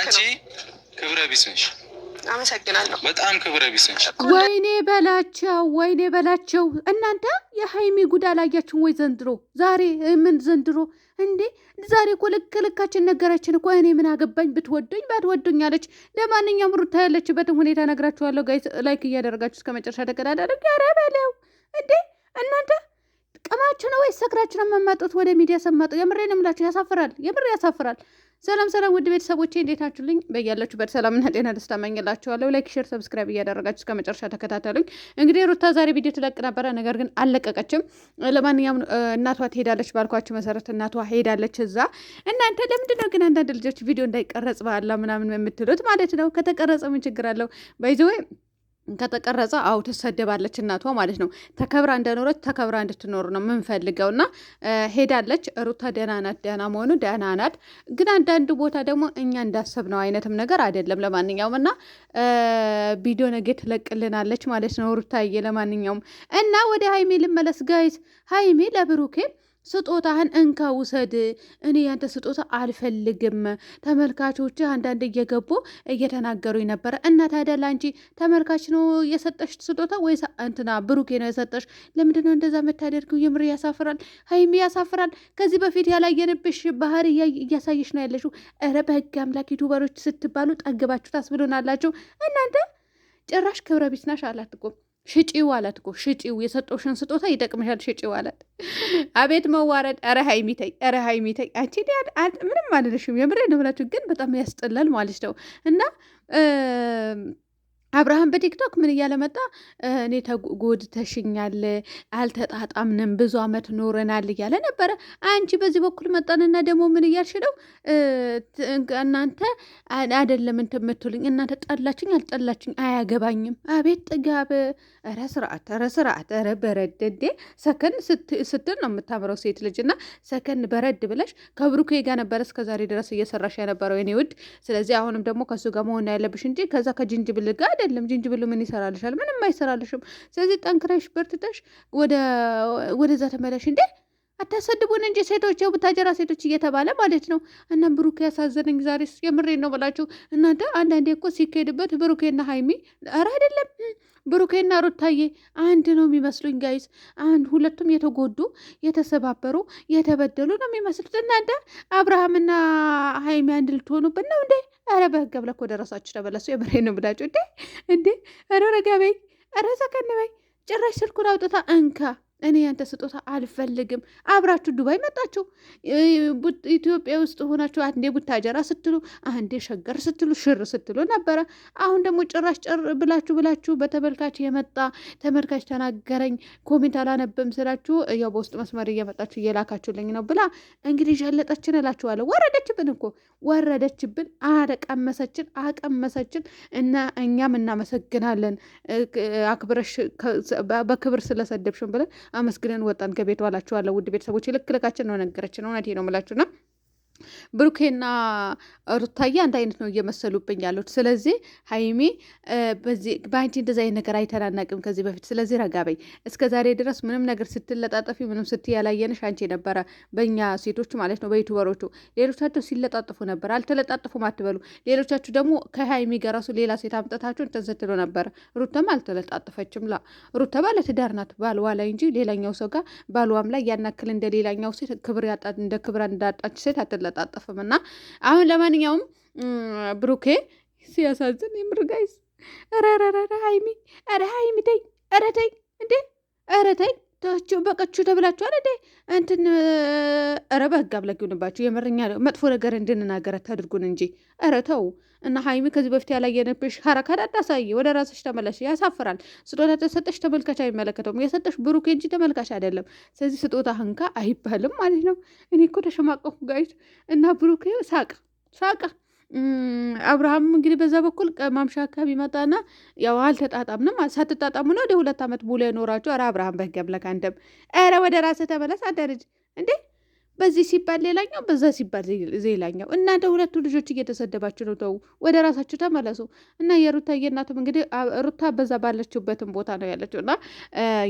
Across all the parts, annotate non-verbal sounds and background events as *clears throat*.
አንቺ ክብረ ቢስ አመሰግናለሁ። በጣም ክብረ ቢስ ወይኔ በላቸው፣ ወይኔ በላቸው። እናንተ የሀይሚ ጉድ አላያችሁም ወይ? ዘንድሮ ዛሬ ምን ዘንድሮ እንዴ! ዛሬ እኮ ልክ ልካችን ነገረችን እኮ። እኔ ምን አገባኝ ብትወዱኝ ባትወዱኝ አለች። ለማንኛውም ሩታ ያለችበትን ሁኔታ ነግራችኋለሁ። ጋይስ ላይክ እያደረጋችሁ እስከ መጨረሻ ተቀዳዳሪ ያረበለው እንዴ እናንተ ቅማችሁ ነው ወይስ ሰክራችሁ ነው የምመጡት ወደ ሚዲያ ሰመጡ? የምሬ ነው የምላችሁ፣ ያሳፍራል። የምሬ ያሳፍራል። ሰላም ሰላም፣ ውድ ቤተሰቦቼ እንዴት ናችሁልኝ? በያላችሁበት ሰላምና ጤና ደስታ እመኝላችኋለሁ። ላይክ፣ ሼር፣ ሰብስክራይብ እያደረጋችሁ እስከ መጨረሻ ተከታተሉኝ። እንግዲህ ሩታ ዛሬ ቪዲዮ ትለቅ ነበረ፣ ነገር ግን አለቀቀችም። ለማንኛውም እናቷ ትሄዳለች ባልኳችሁ መሰረት እናቷ ሄዳለች። እዛ እናንተ ለምንድን ነው ግን አንዳንድ ልጆች ቪዲዮ እንዳይቀረጽ ባላ ምናምን የምትሉት ማለት ነው? ከተቀረጸ ምን ችግር አለው? ባይዘወይ ከተቀረጸ አው ትሰደባለች እናቷ ማለት ነው። ተከብራ እንደኖረች ተከብራ እንድትኖር ነው የምንፈልገው እና ሄዳለች። ሩታ ደህና ናት፣ ደህና መሆኑ ደህና ናት። ግን አንዳንድ ቦታ ደግሞ እኛ እንዳሰብነው አይነትም ነገር አይደለም። ለማንኛውም እና ቪዲዮ ነገ ትለቅልናለች ማለት ነው ሩታዬ። ለማንኛውም እና ወደ ሀይሜ ልመለስ ጋይዝ። ሀይሜ ለብሩኬ ስጦታህን እንካ ውሰድ። እኔ ያንተ ስጦታ አልፈልግም። ተመልካቾች አንዳንድ እየገቡ እየተናገሩ ነበረ። እና ታዲያ ለአንቺ ተመልካች ነው የሰጠሽ ስጦታ ወይስ እንትና ብሩኬ ነው የሰጠሽ? ለምንድን እንደዛ የምታደርጊው? የምር ያሳፍራል፣ ሀይሚ ያሳፍራል። ከዚህ በፊት ያላየንብሽ ባህሪ እያሳየሽ ነው ያለሽው። ኧረ በህግ አምላክ ዩቱበሮች ስትባሉ ጠግባችሁ ታስብሎናላችሁ እናንተ። ጭራሽ ክብረ ቢስናሽ አላት እኮ ሽጪው አላት እኮ ሽጪው፣ የሰጠውሽን ስጦታ ይጠቅምሻል፣ ሽጪው አላት። አቤት መዋረድ! ኧረ ሀይሚተይ፣ ኧረ ሀይሚተይ፣ አንቺ ምንም አልልሽም። የምሬ ነው ብላችሁ ግን በጣም ያስጠላል ማለት ነው እና አብርሃም በቲክቶክ ምን እያለ መጣ? እኔ ተጎድተሽኛል፣ አልተጣጣምንም፣ ብዙ አመት ኖረናል እያለ ነበረ። አንቺ በዚህ በኩል መጣንና ደግሞ ምን እያልሽ ነው? እናንተ አይደለም እንትን የምትሉኝ እናንተ ጠላችኝ አልጠላችኝ አያገባኝም። አቤት ጥጋብ! ረ ስርአት፣ ረ ስርአት፣ ረ በረደዴ። ሰከን ስትል ነው የምታምረው ሴት ልጅ እና ሰከን በረድ ብለሽ ከብሩኬ ጋር ነበረ እስከዛሬ ድረስ እየሰራሽ የነበረው የኔ ውድ። ስለዚህ አሁንም ደግሞ ከሱ ጋር መሆን ያለብሽ እንጂ ከዛ ከጅንጅብል ጋር የለም። ጅንጅብሉ ምን ይሰራልሻል? ምንም አይሰራልሽም። ስለዚህ ጠንክረሽ በርትተሽ ወደዛ ተመለሽ እንዴ አታሰድቡን እንጂ ሴቶች የቡታጀራ ሴቶች እየተባለ ማለት ነው። እና ብሩክ ያሳዘነኝ ዛሬ የምሬ ነው በላችሁ እናንተ። አንዳንዴ እኮ ሲካሄድበት ብሩኬና ሀይሚ ኧረ አይደለም ብሩኬና ሩታዬ አንድ ነው የሚመስሉኝ ጋይስ። አንድ ሁለቱም የተጎዱ የተሰባበሩ የተበደሉ ነው የሚመስሉት እናንተ። አብርሃምና ሀይሚ አንድ ልትሆኑብን ነው እንዴ? ኧረ በህገ ብለህ እኮ ደረሳችሁ ተበለሱ። የምሬ ነው ብላችሁ እንዴ እንዴ! ኧረ ረጋ በይ፣ ኧረ ሰከን በይ። ጭራሽ ስልኩን አውጥታ እንካ እኔ ያንተ ስጦታ አልፈልግም። አብራችሁ ዱባይ መጣችሁ፣ ኢትዮጵያ ውስጥ ሆናችሁ አንዴ ቡታጀራ ስትሉ፣ አንዴ ሸገር ስትሉ፣ ሽር ስትሉ ነበረ። አሁን ደግሞ ጭራሽ ጭር ብላችሁ ብላችሁ በተመልካች የመጣ ተመልካች ተናገረኝ ኮሜንት አላነብም ስላችሁ ያው በውስጥ መስመር እየመጣችሁ እየላካችሁልኝ ነው ብላ እንግዲህ ዠለጠችን እላችኋለሁ። ወረደችብን እኮ ወረደችብን፣ አቀመሰችን፣ አቀመሰችን እና እኛም እናመሰግናለን አክብረሽ በክብር ስለሰደብሽን ብለን አመስግነን ወጣን ከቤቷ እላችኋለሁ። ውድ ቤተሰቦች ልክ ልካችን ነው ነገረችን። እውነቴን ነው የምላችሁና ብሩኬና ሩታዬ አንድ አይነት ነው እየመሰሉብኝ ያሉት። ስለዚህ ሀይሚ በአንቺ እንደዚ አይነት ነገር አይተናናቅም ከዚህ በፊት ስለዚህ ረጋበኝ። እስከ ዛሬ ድረስ ምንም ነገር ስትለጣጠፊ ምንም ስትያላየንሽ አንቺ ነበረ፣ በእኛ ሴቶች ማለት ነው በዩቱበሮቹ። ሌሎቻቸው ሲለጣጥፉ ነበር፣ አልተለጣጥፉም አትበሉ። ሌሎቻችሁ ደግሞ ከሀይሚ ጋር ራሱ ሌላ ሴት አምጠታችሁ እንትን ስትሉ ነበረ። ሩተም አልተለጣጠፈችም። ላ ሩተ ባለ ትዳር ናት፣ ባልዋ ላይ እንጂ ሌላኛው ሰው ጋር ባልዋም ላይ ያናክል እንደ ሌላኛው ሴት ክብር እንደ ክብር እንዳጣች ሴት አትለ አትለጣጠፍም። እና አሁን ለማንኛውም ብሩኬ ሲያሳዝን የምር ጋይስ ኧረ ሀይሚ ረ ሀይሚ ተይ ኧረ ተይ እንዴ ኧረ ተይ ተቸው በቀቹ ተብላችኋል እንዴ? እንትን ኧረ በህግ አምላክ የመረኛ መጥፎ ነገር እንድንናገር ታድርጉን እንጂ ኧረ ተው። እና ሀይሚ ከዚህ በፊት ያላየንብሽ ሀረካት አታሳይ። ወደ ራስሽ ተመለሽ። ያሳፍራል። ስጦታ ተሰጠሽ ተመልካች አይመለከተውም። የሰጠሽ ብሩክ እንጂ ተመልካች አይደለም። ስለዚህ ስጦታ ህንካ አይባልም ማለት ነው። እኔ እኮ ተሸማቀኩ ጋይት እና ብሩክ ሳቅ ሳቅ አብርሃም እንግዲህ በዛ በኩል ማምሻ አካባቢ ይመጣና ያው አልተጣጣምንም። ሳትጣጣሙ ነው ወደ ሁለት ዓመት ቡላ የኖራችሁ። ኧረ አብርሃም በህገ አምላክ አንተም ኧረ ወደ ራስህ ተመለስ። አደርጅ እንዴ በዚህ ሲባል ሌላኛው፣ በዛ ሲባል ሌላኛው። እናንተ ሁለቱ ልጆች እየተሰደባችሁ ነው። ተው፣ ወደ ራሳችሁ ተመለሱ። እና የሩታ እየእናትም እንግዲህ ሩታ በዛ ባለችውበትም ቦታ ነው ያለችው እና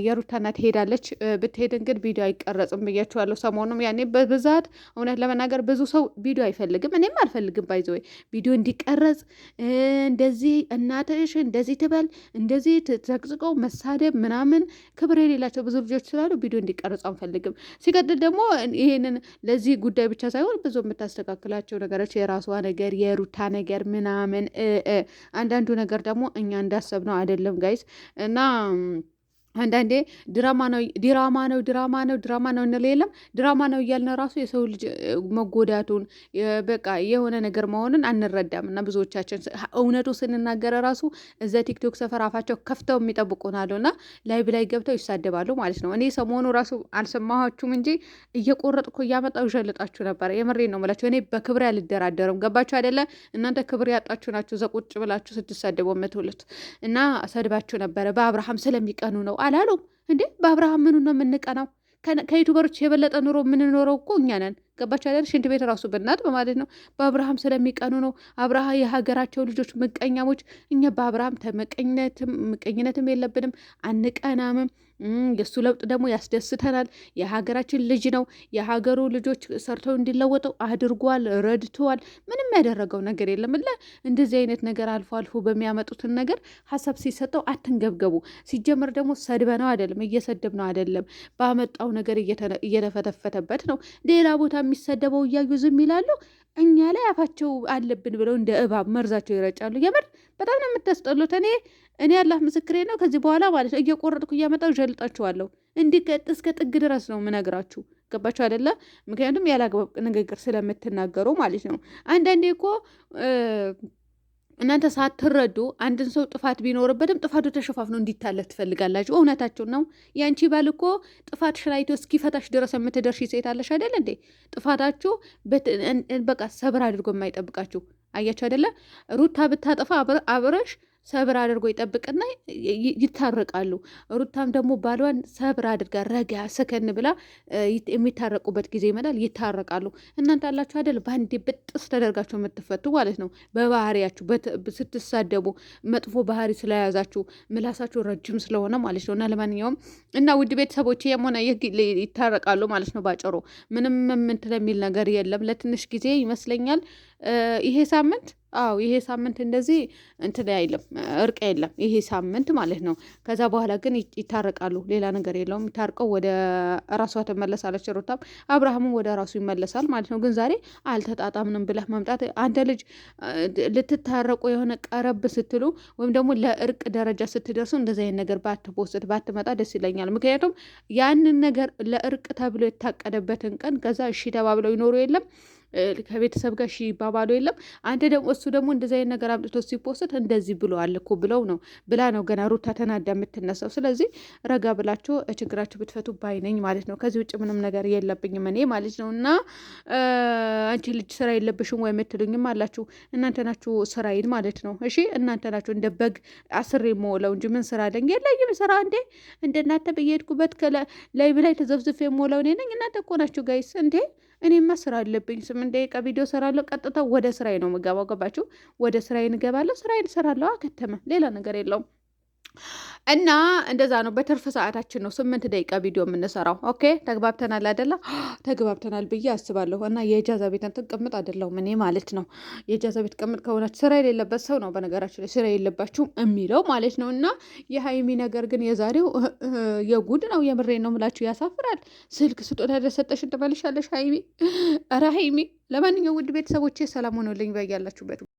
የሩታ እናት ሄዳለች። ብትሄድ እንግዲህ ቪዲዮ አይቀረጽም ብያችኋለሁ። ሰሞኑም ያኔ በብዛት እውነት ለመናገር ብዙ ሰው ቪዲዮ አይፈልግም፣ እኔም አልፈልግም። ባይዘ ወይ ቪዲዮ እንዲቀረጽ እንደዚህ እናትሽ እንደዚህ ትበል እንደዚህ ተዘቅዝቀው መሳደብ ምናምን ክብር የሌላቸው ብዙ ልጆች ስላሉ ቪዲዮ እንዲቀረጹ አንፈልግም። ሲቀጥል ደግሞ ይሄንን ለዚህ ጉዳይ ብቻ ሳይሆን ብዙ የምታስተካክላቸው ነገሮች የራሷ ነገር፣ የሩታ ነገር ምናምን አንዳንዱ ነገር ደግሞ እኛ እንዳሰብነው አይደለም ጋይስ እና አንዳንዴ ድራማ ነው ድራማ ነው ድራማ ነው ድራማ ነው እንል የለም ድራማ ነው እያልን ራሱ የሰው ልጅ መጎዳቱን በቃ የሆነ ነገር መሆኑን አንረዳም። እና ብዙዎቻችን እውነቱ ስንናገረ ራሱ እዛ ቲክቶክ ሰፈር አፋቸው ከፍተው የሚጠብቁናሉ አሉና ላይብ ላይ ገብተው ይሳደባሉ ማለት ነው። እኔ ሰሞኑ ራሱ አልሰማኋችሁም እንጂ እየቆረጥኩ እያመጣው ይሸልጣችሁ ነበረ። የምሬ ነው የምላችሁ። እኔ በክብሬ አልደራደርም። ገባችሁ አይደለ? እናንተ ክብር ያጣችሁ ናችሁ። ዘቁጭ ብላችሁ ስትሳደቡ የምትውሉት እና ሰድባችሁ ነበረ። በአብርሃም ስለሚቀኑ ነው አላሉም እንዴ? በአብርሃም ምኑ ነው የምንቀናው? ከዩቱበሮች የበለጠ ኑሮ የምንኖረው እኮ እኛ ነን። ገባቸው አይደል? ሽንት ቤት ራሱ ብናት በማለት ነው። በአብርሃም ስለሚቀኑ ነው። አብርሃ የሀገራቸው ልጆች ምቀኛሞች። እኛ በአብርሃም ምቀኝነትም የለብንም፣ አንቀናምም። የእሱ ለውጥ ደግሞ ያስደስተናል። የሀገራችን ልጅ ነው። የሀገሩ ልጆች ሰርተው እንዲለወጠው አድርጓል፣ ረድተዋል። ምንም ያደረገው ነገር የለም። እንደዚህ አይነት ነገር አልፎ አልፎ በሚያመጡትን ነገር ሀሳብ ሲሰጠው አትንገብገቡ። ሲጀምር ደግሞ ሰድበነው አይደለም፣ ነው አይደለም። ባመጣው ነገር እየተፈተፈተበት ነው። ሌላ ቦታ የሚሰደበው እያዩ ዝም ይላሉ። እኛ ላይ አፋቸው አለብን ብለው እንደ እባብ መርዛቸው ይረጫሉ። የምር በጣም ነው የምታስጠሉት። እኔ እኔ አላህ ምስክሬ ነው። ከዚህ በኋላ ማለት ነው እየቆረጥኩ እያመጣው ጀልጣችኋለሁ። እንዲህ እስከ ጥግ ድረስ ነው የምነግራችሁ። ገባችሁ አይደለ? ምክንያቱም ያላግባብ ንግግር ስለምትናገሩ ማለት ነው። አንዳንዴ እኮ እናንተ ሳትረዱ አንድን ሰው ጥፋት ቢኖርበትም ጥፋቱ ተሸፋፍኖ እንዲታለፍ ትፈልጋላችሁ። እውነታችሁን ነው። ያንቺ ባል እኮ ጥፋትሽን አይቶ እስኪፈታሽ ድረስ የምትደርሽ ሴት አለሽ አይደል እንዴ? ጥፋታችሁ በቃ ሰብር አድርጎ የማይጠብቃችሁ አያቸው አይደለ ሩታ ብታጠፋ አብረሽ ሰብር አድርጎ ይጠብቅና ይታረቃሉ። ሩታም ደግሞ ባሏን ሰብር አድርጋ ረጋ ሰከን ብላ የሚታረቁበት ጊዜ ይመጣል፣ ይታረቃሉ። እናንተ አላችሁ አይደል በአንዴ ብጥስ ተደርጋችሁ የምትፈቱ ማለት ነው። በባህሪያችሁ ስትሳደቡ መጥፎ ባህሪ ስለያዛችሁ ምላሳችሁ ረጅም ስለሆነ ማለት ነው። እና ለማንኛውም እና ውድ ቤተሰቦች የሆነ ይታረቃሉ ማለት ነው። ባጭሩ ምንም ምንትለ የሚል ነገር የለም። ለትንሽ ጊዜ ይመስለኛል ይሄ ሳምንት አዎ ይሄ ሳምንት እንደዚህ እንትን አይልም፣ እርቅ የለም ይሄ ሳምንት ማለት ነው። ከዛ በኋላ ግን ይታረቃሉ፣ ሌላ ነገር የለውም። ይታርቀው ወደ ራሷ ትመለሳለች ሩታም፣ አብርሃምም ወደ ራሱ ይመለሳል ማለት ነው። ግን ዛሬ አልተጣጣምንም ብለህ መምጣት አንተ ልጅ ልትታረቁ የሆነ ቀረብ ስትሉ ወይም ደግሞ ለእርቅ ደረጃ ስትደርሱ እንደዚህ አይነት ነገር ባትፖስት ባትመጣ ደስ ይለኛል። ምክንያቱም ያንን ነገር ለእርቅ ተብሎ የታቀደበትን ቀን ከዛ እሺ ተባብለው ይኖሩ የለም ከቤተሰብ ጋር ይባባሉ የለም አንተ ደግሞ እሱ ደግሞ እንደዚህ አይነት ነገር አምጥቶ ሲፖስት እንደዚህ ብለዋል እኮ ብለው ነው ብላ ነው ገና ሩታ ተናዳ የምትነሳው። ስለዚህ ረጋ ብላችሁ ችግራችሁ ብትፈቱ ባይነኝ ማለት ነው። ከዚህ ውጭ ምንም ነገር የለብኝም እኔ ማለት ነው። እና አንቺ ልጅ ስራ የለብሽም ወይ የምትሉኝም አላችሁ። እናንተ ናችሁ ስራዬን ማለት ነው። እሺ እናንተ ናችሁ እንደ በግ አስሬ የምውለው እንጂ ምን ስራ አለኝ? የለኝም ስራ እንዴ እንደናንተ ብዬ ሄድኩበት ላይ ብላይ ተዘብዝፌ የምውለው እኔ ነኝ። እናንተ እኮ ናችሁ ጋይስ እንዴ እኔማ ስራ አለብኝ። ስምንት ደቂቃ ቪዲዮ ሰራለሁ፣ ቀጥታ ወደ ስራዬ ነው የምገባው። ገባችሁ? ወደ ስራዬ እንገባለሁ፣ ስራዬን ሰራለሁ። አከተመ። ሌላ ነገር የለውም። እና እንደዛ ነው። በትርፍ ሰዓታችን ነው ስምንት ደቂቃ ቪዲዮ የምንሰራው። ኦኬ ተግባብተናል አይደለ? ተግባብተናል ብዬ አስባለሁ። እና የእጃዛ ቤት እንትን ቅምጥ አይደለሁም እኔ ማለት ነው። የእጃዛ ቤት ቅምጥ ከሆናችሁ ስራ የሌለበት ሰው ነው በነገራችን ላይ ስራ የሌለባችሁም የሚለው ማለት ነው። እና የሀይሚ ነገር ግን የዛሬው *clears throat* የጉድ ነው። የምሬ ነው ምላችሁ፣ ያሳፍራል። ስልክ ስጦታ ደሰጠሽን ትመልሻለሽ ሀይሚ? ኧረ ሀይሚ። ለማንኛውም ውድ ቤተሰቦቼ ሰላም ሆኖልኝ በያላችሁበት